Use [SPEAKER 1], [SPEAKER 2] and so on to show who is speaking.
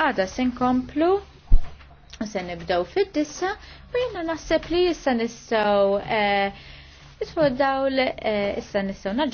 [SPEAKER 1] għada sen komplu u sen nibdaw fid-dissa u jena naħseb li issa nistaw eh, Isfoddaw, eh, issa nistaw naġġu